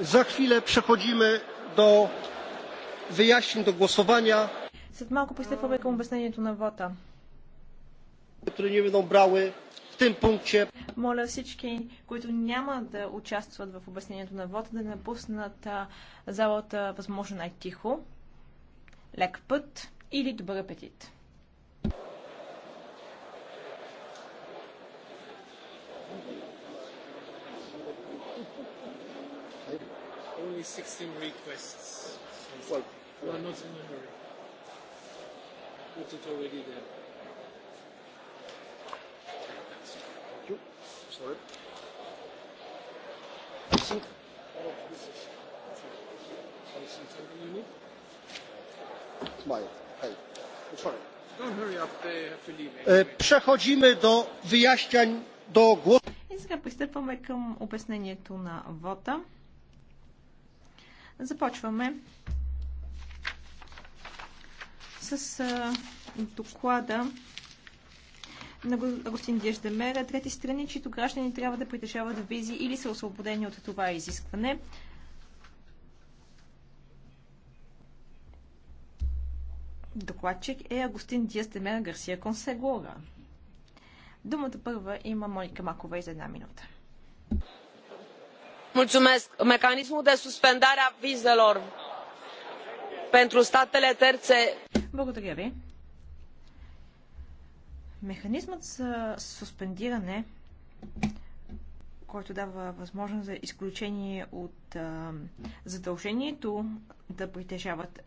За chwilę przechodzimy do wyjaśnień, do głosowania. След малко пристъпваме към обяснението на вота. Моля всички, които няма да участват в обяснението на вота, да напуснат залата възможно най-тихо, лек път или добър апетит. only 16 requests. Well, you are not in a hurry. Put it already there. Thank you. Sorry. I think all of this is something you need. Smile. Hey. Sorry. Don't hurry up. They have to leave. Anyway. Przechodzimy do wyjaśniań do głosu. И сега пристъпваме към обяснението на вота. Започваме с доклада на Агустин Диеждемера. Трети страни, чието граждани трябва да притежават визи или са освободени от това изискване. Докладчик е Агустин Диас Демера Гарсия Консеглора. Думата първа има Моника Макова и за една минута mecanismul de suspendare a vizelor pentru statele terțe. Благодаря ви. Механизмът за суспендиране, който дава възможност за изключение от а, задължението да притежават